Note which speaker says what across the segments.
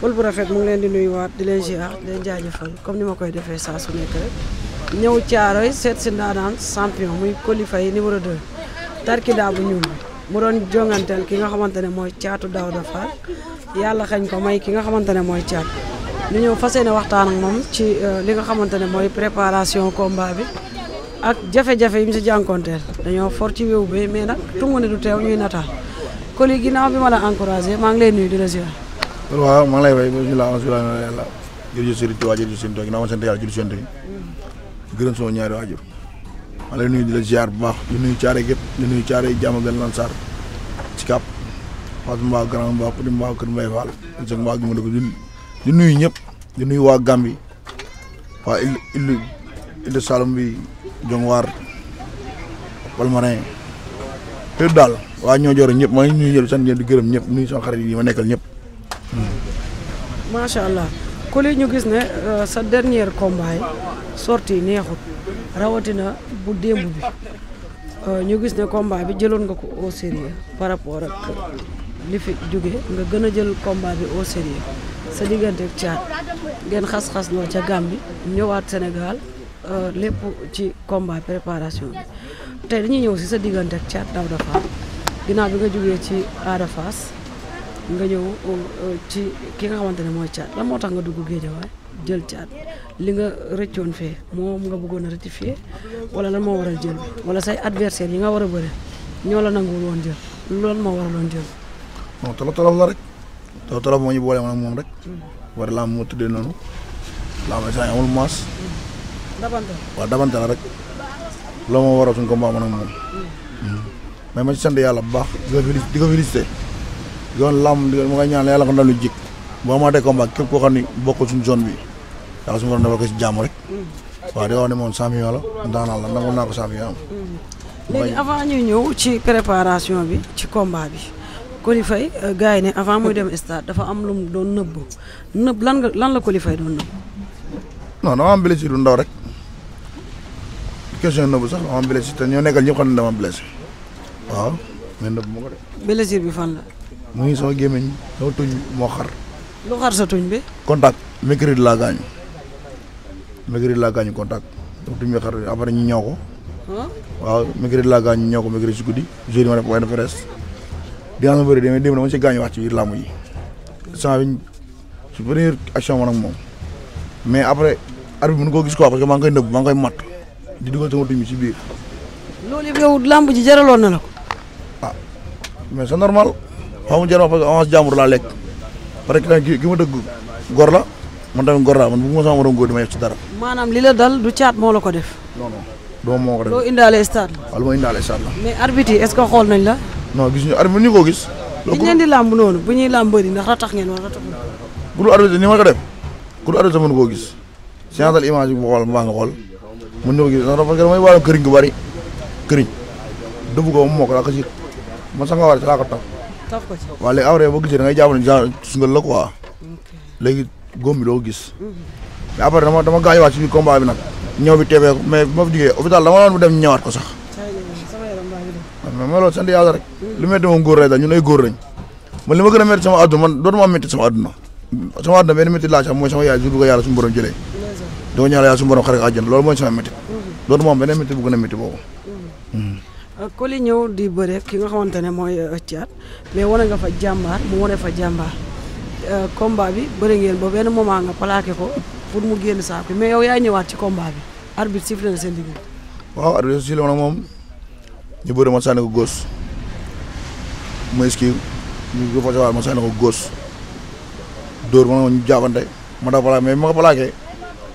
Speaker 1: pël bu rafet mu ngi leen di nuyuwaat di leen ziar di leen comme ni ma koy defee saa su nekk rek ñëw caaroy seet si ndaanaan champion muy Coly Faye numéro 2 tarkindaa bu ñuul mu doon jonganteel ki nga xamante ne mooy caatu Daouda Fall yàlla xañ ko may ki nga xamante ne mooy caat ñu ñëw fas yéene waxtaan moom ci euh, li nga xamante ne mooy préparation combat bi ak jafe-jafe yi mu si jànkonteel dañoo for ci wéw bi mais nag tungu ne du teew ñuy nataal Coly ginnaaw bi ma la encouragé maa ngi leen nuyu di la ziar
Speaker 2: waaw maa ngi lay way bismillah alhamdulilah yàlla jërëjëf Serigne Touba jërëjëf Serigne Touba ginnaaw ma sant yàlla jërëjëf Serigne Touba gërëm sama waajur maa la ziar bu baax di nuyu caare di caare jàmm gën lan sar di sëg ma dëkk di nuyu ñëpp di nuyu waa Gambi waa il il bi Jongwaar Palmarin fépp daal waa ñoo joore ñëpp maa ngi nuyu ñëpp sant ñëpp di gërëm ñëpp nuyu sama xarit yi ma nekkal ñëpp Hmm.
Speaker 1: macha allah Coly ñu gis ne euh, sa dernier combat sorti neexut rawatina bu démb bi euh, ñu gis ne combat bi jëloon nga ko au sérieux par rapport ak li fi jóge nga gën a jël combat bi au sérieux sa diggante ak Thiat ngeen xas-xas loo ca Gambie ñëwaat Sénégal euh, lépp ci combat préparation bi tey dañuy ñëw si sa diggante ak Thiat Daouda Fall ginnaaw bi nga jógee ci Ada nga ñëw ci ki nga xamante ne mooy caat lan moo tax nga dugg géejawaay jël caat li nga rëccoon fee moom nga bëggoon a rectifier wala lan moo waral jël bi wala say adversaire yi nga war a bëre ñoo la nanguwul woon jël loolu moo waraloon
Speaker 2: jël. non tolof tolof la rek tolof tolof moo ñu boole woon ak moom rek. Hmm. war laa moo tuddee noonu. laa may saa amul maas. Hmm. dabante rek. loolu moo waral suñu combat man ak moom. Hmm. mais ma ci sant yàlla bu baax di ko félicité yoon làmb di ma koy ñaan yàlla ko ndaw lu jik boo amaatee combat képp koo xam ne bokkul suñu zone bi yàlla suñu borom defal ko si jàmm rek waaw di wax ne la ndaanaan la nangu naa ko am
Speaker 1: léegi ñëw ci préparation bi ci combat bi Coly Faye euh, gars yi ne avant muy dem stade dafa am lu mu doon nëbb lan lan la Coly Faye doon
Speaker 2: dama am blessure du ndaw rek question nëbb ñoo nekkal ñëpp xam waaw mais nëbb ma ko def
Speaker 1: blessure bi fan la
Speaker 2: mu ngi sama gémmiñ sama tuñ moo xar.
Speaker 1: lu xar sa tuñ bi.
Speaker 2: contact mercredi laa gaañu mercredi laa gaañu contact sama tuñ bi xar après ñu ñëw ko. waaw mercredi laa gaañu ñëw ko mercredi si guddi jour yi ma def waaye dafa res. dinaa bëri demee démb dama si gaañu wax ci biir làmb yi. sans bi su première action man ak moom mais après arbitre bi mënu koo gis quoi parce que maa ngi koy nëbb maa ngi koy matt di dugal sama tuñ bi si biir.
Speaker 1: loolu yëpp yow làmb ji jaraloon na la ko.
Speaker 2: ah mais c'est normal. xaw ma jar wax parce que avance jàmbur laa lekk parce que gi ma dëgg gor la man tamit gor laa man bu ma sama waroon góor dama yëf ci dara.
Speaker 1: maanaam li la dal du caat moo la ko def. non non doo moo ko def. loo indaale stade la.
Speaker 2: waaw lu ma indaale stade la.
Speaker 1: mais arbitre yi est-ce que xool nañ la.
Speaker 2: non gis ñu arbitre ñu ko gis.
Speaker 1: loolu ngeen di làmb noonu bu ñuy làmb bëri ndax ratax ngeen wala ratax ngeen.
Speaker 2: bu dul arbitre ni ma ko def ku dul arbitre mën koo gis séantal image bi ma xool mbaa nga xool mën na ko gis ndax dafa damay wàllu këriñ gu bari këriñ dëbb ko moom moo ko laa ko si man sax nga war a si laa ko tax waaw léegi engrais boo gisee da ngay jàpp ne la quoi léegi góom bi doo gis mhm. mais après dama dama gaañuwaat ci biir combat bi nag ñëw bi teebee ko mais bu ma fi jugee hôpital dama doon bu dem ñëwaat ko sax mais ma loolu sant yàlla rek mhm. lu metti moom góor lay daal ñun ay góor lañ man li ma gën a metti sama àdduna man dootuma am metti sama àdduna sama àdduna benn metti laa ci mooy sama loolu mooy sama metti mhm. dootuma am beneen metti bu gën boobu
Speaker 1: Coly ñëw di bëre ki nga xamante ne mooy euh, Thiat mais wane nga fa jàmbaar mu wane fa jàmbaar euh, combat bi bëri ngeen ba benn moment nga palaake ko pour mu génn saako mais yow yaa ñëwaat ci combat bi
Speaker 2: arbitre sifflé na seen liggéey. waaw arbitre sifflé na moom ñu bëri ma sànni ko góos mu esquive ñu fa sawaat ma sànni ko góos dóor ma ñu jaabante ma daw plaqué mais ma ko plaqué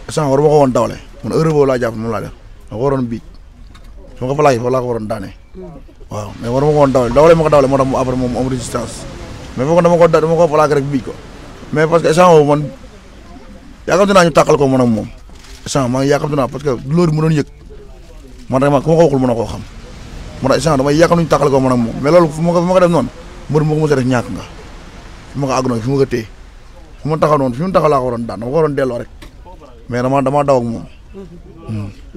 Speaker 2: sànq war ma ko woon dawale man heure laa jàpp moom laa def ma ko waroon biij su ma ko plaqué laa ko waroon waaw mais waruma ko ma ko dawale moo tax mu après moom am résistance mais foofu dama ko dama ko plaqué rek biij ko mais parce que échange boobu man yaakamte naa ñu tàqal ko man ak moom échange maa loolu mu ma ku ma ko waxul mën a koo moo ko man ak moom mais ma ko fu ma ko def moo ko mos a def ñàkk nga fu ma ko àgg fi ma ko téye fu ma taxaw ko waroon daan dama ko waroon delloo rek mais dama damaa daw ak moom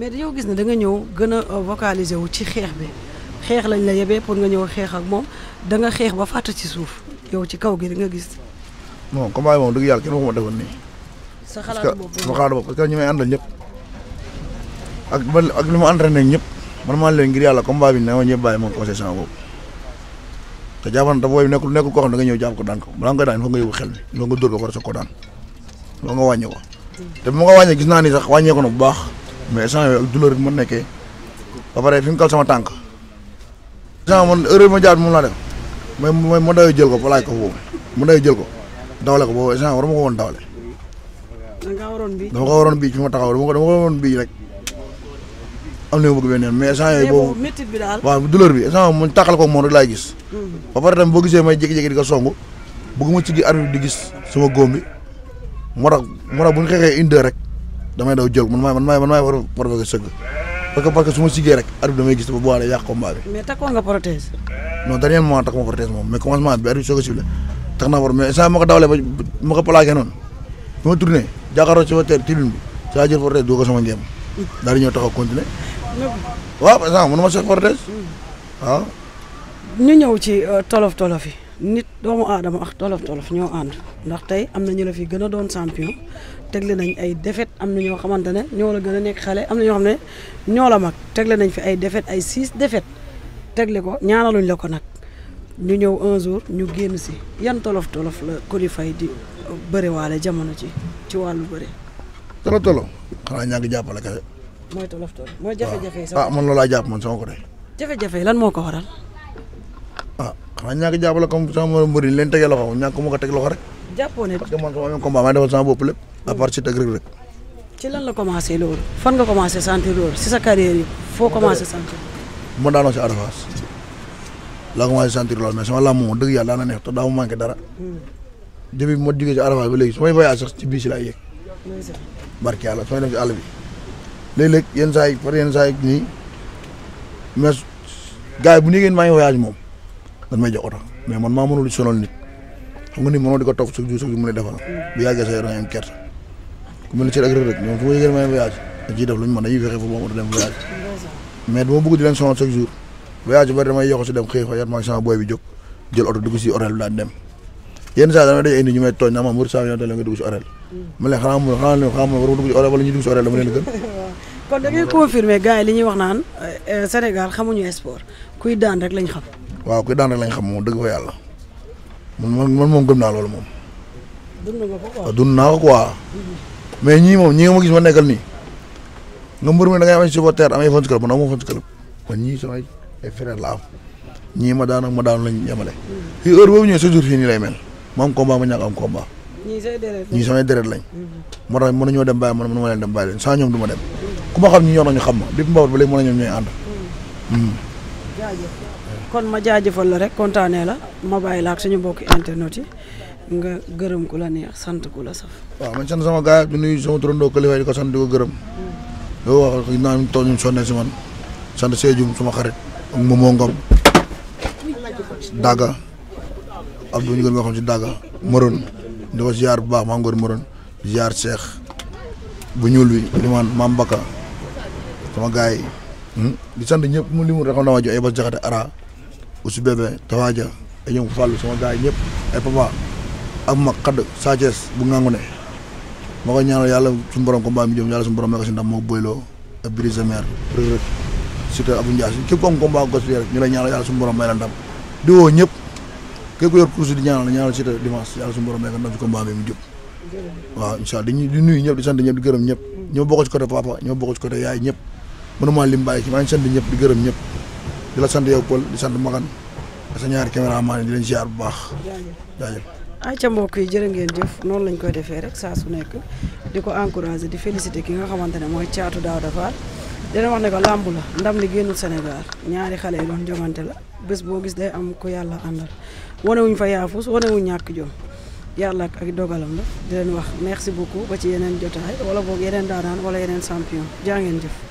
Speaker 1: mais dañoo gis ne da nga ñëw gën a vocaliser wu ci xeex bi xeex lañ la yebee pour nga ñëw xeex ak moom da nga xeex ba fàtt ci suuf yow ci kaw gi di nga gis.
Speaker 2: non combat bi moom dëgg yàlla kenn waxuma defoon nii. sa xalaat bopp parce que sama xalaat bopp ak man ak li ma entraîné ñëpp man maa leen ngir yàlla combat bi ne ma ñëpp bàyyi moom concession boobu te jàppoon te booy nekkul nekkul koo xam da nga ñëw jàpp ko daan ko daan fa nga yóbbu xel bi loo ko war a soog ko ko te ko wàññee gis naa ni sax wàññee na bu baax mais échange ak douleur bi ma nekkee ba pare fi mu kal sama tànk genre man erreur ma jaar moom laa def mais mooy ma jël ko fa laaj ko foofu ma dawee jël ko dawale ko boobu genre war ma ko woon dawale. waroon bii fi ma taxaw dama ko dama ko waroon bii rek na ma bëgg mais instant yooyu boobu waaw bi instant mu tàqal ko moom rek gis hmm. ba pare tam boo gisee may jékki-jékki di ko song bëgguma ci gi arbitre bi di gis suma góom bi moo tax moo bu ñu xeexee une rek damay daw jël man maay man maay man maay war a provoqué sëgg parce que parce que su ma siggee rek arbitre damay gis ba bu waalee yàq combat bi.
Speaker 1: mais takkoon nga prothèse.
Speaker 2: non dernier moment takk ma prothèse moom mais commencement bi arbitre soo ko sifflé tax naa war mais saa ma ko dawalee ba ma waaw par exemple mën na ma soog prothèse
Speaker 1: waaw. ci euh, tolof tolof yi nit doomu aadama ak tolof ndax tey am na ñu la fi gën a doon champion tegle nañ ay défaite am na ñoo xamante ne ñoo la gën a nekk xale am na ñoo xam ne ñoo la mag tegle nañ fi ay défaite ay six défaite tegle ko ñaanaluñ la ko nag ñu ñëw un jour ñu génn si yan tolof tolof la Coly Faye di bëriwaale jamono ci ci wàllu bëri.
Speaker 2: tolof tolof xanaa jàpp la kese.
Speaker 1: mooy tolof tolof mooy jafe-jafe yi. ah man loolu laa
Speaker 2: jàpp man sama ko de.
Speaker 1: jafe-jafe yi lan moo ko waral.
Speaker 2: ah xanaa ñàkk jàppale comme sama mbër yi leen ko loxo ñàkk mu ko teg loxo rek.
Speaker 1: jàppoo ne parce que man
Speaker 2: sama même combat maa demal sama bopp lépp à part ci tëgg rek
Speaker 1: lan la commencé loolu fan nga commencé sentir loolu si sa carrière yi foo commencé sentir
Speaker 2: ma daanoo si Arafas laa commencé sentir loolu mais sama làmb moom dëgg yàlla daana neex te daa ma manqué dara hmm. depuis ma jógee si Arafas ba léegi su may voyage sax ci bii si laay yëg barke yàlla su may dem si àll bi léeg-léeg yenn saa yi par yenn saa yi nii mais gars bu ñu ngeen maa moom dañ may jox oto mais man maa mu ni mënoo di ko topp su ju su mu ne defal bu yàggee sa yaram am kerte ku mel ni ci ak rek ñoom fu ma yëgee may voyage dañ ciy def lu ñu mën dañuy fexe foofu moom dem voyage mais dama bëgg di leen sonal chaque jour voyage bari damay yoxo si dem xëy fa yat maag sama leen xanaa mun leen xanaa mun
Speaker 1: kon da ngay confirmer li ñuy wax naan euh, Sénégal xamuñu sport kuy daan rek lañ
Speaker 2: xam moom dëgg fa yàlla man man moom gëm naa loolu moom. dund ah, naa ko quoi. mais ñii moom ñi nga ma gis ma nekkal nii nga mbër mi da ngay am ay supporter am ay fan club man amoo fan club man ñii sama ay frère la am ñii ma daan ak ma lañ yemale. fii heure boobu ñëwee toujours fii nii lay mel ma am combat ma ñàkk am combat. ñii say déret lañ ñii samay déret lañ. Mm-hmm. moo tax mën nañoo dem bàyyi ma leen dem bàyyi leen sans ñoom du ma dem ku ma xam ñi ñoo nañu xam ma depuis Mbapat ba léegi mën na
Speaker 1: kon ma jaajëfal la rek kontaanee la ma bàyyi la ak suñu mbokki internet yi nga gërëm ku la neex sant ku la saf.
Speaker 2: waaw man sant sama gars ko sant di ko si man sant Seydioum sama xarit ak Momo Ngom Daga Abdou ñu gën nga xam si Daga bu baax maa ngoor Morone ziar Cheikh bu ñuul wi limaan maam Baka sama gars yi. Hmm? di sant ñëpp mu limu rek xam naa waa ji ay jaxate ara Oussou Bébé Tafa Dia ay ñoom Fallou sama gars yi ñëpp ay papa ak mag xadd Sa Thiès bu ngangu ne ma ko ñaanal yàlla suñu borom ko combat mi jëm yàlla suñu borom ma si ndam moo boyloo ak brise mer rek rek surtout Abou Ndiaye képp ku am ñu la ñaanal yàlla suñu ma may la ndam di woo ñëpp képp ku yor course di ñaanal ñaanal surtout dimanche yàlla suñu borom may ko ndam si combat bi mu jëm waaw incha di nuyu ñëpp di sant ñëpp di gërëm ñëpp ñoo bokk ci côté papa ñoo bokk ci côté yaay ñëpp mënuma lim bàyyi ci ñëpp gërëm ñëpp di la sant yow Paul di sant Makan ak sa ñaari caméraman di leen ziar bu baax. jaajëf
Speaker 1: ayca mbokk yi jërë ngeen jëf noonu lañ koy defee rek saa su nekk di ko encouragé di félicité ki nga xamante ne mooy caatu daaw dafaar dina wax ne ko làmb la ndam li génnu Sénégal ñaari xale yi doon jongante la bés boo gis day am ko yàlla àndal wanewuñ fa yaafus wanewuñ ñàkk jom yàlla ak dogalam la di leen wax merci beaucoup ba ci yeneen jotaay wala boog yeneen daanaan wala yeneen champion jaa ngeen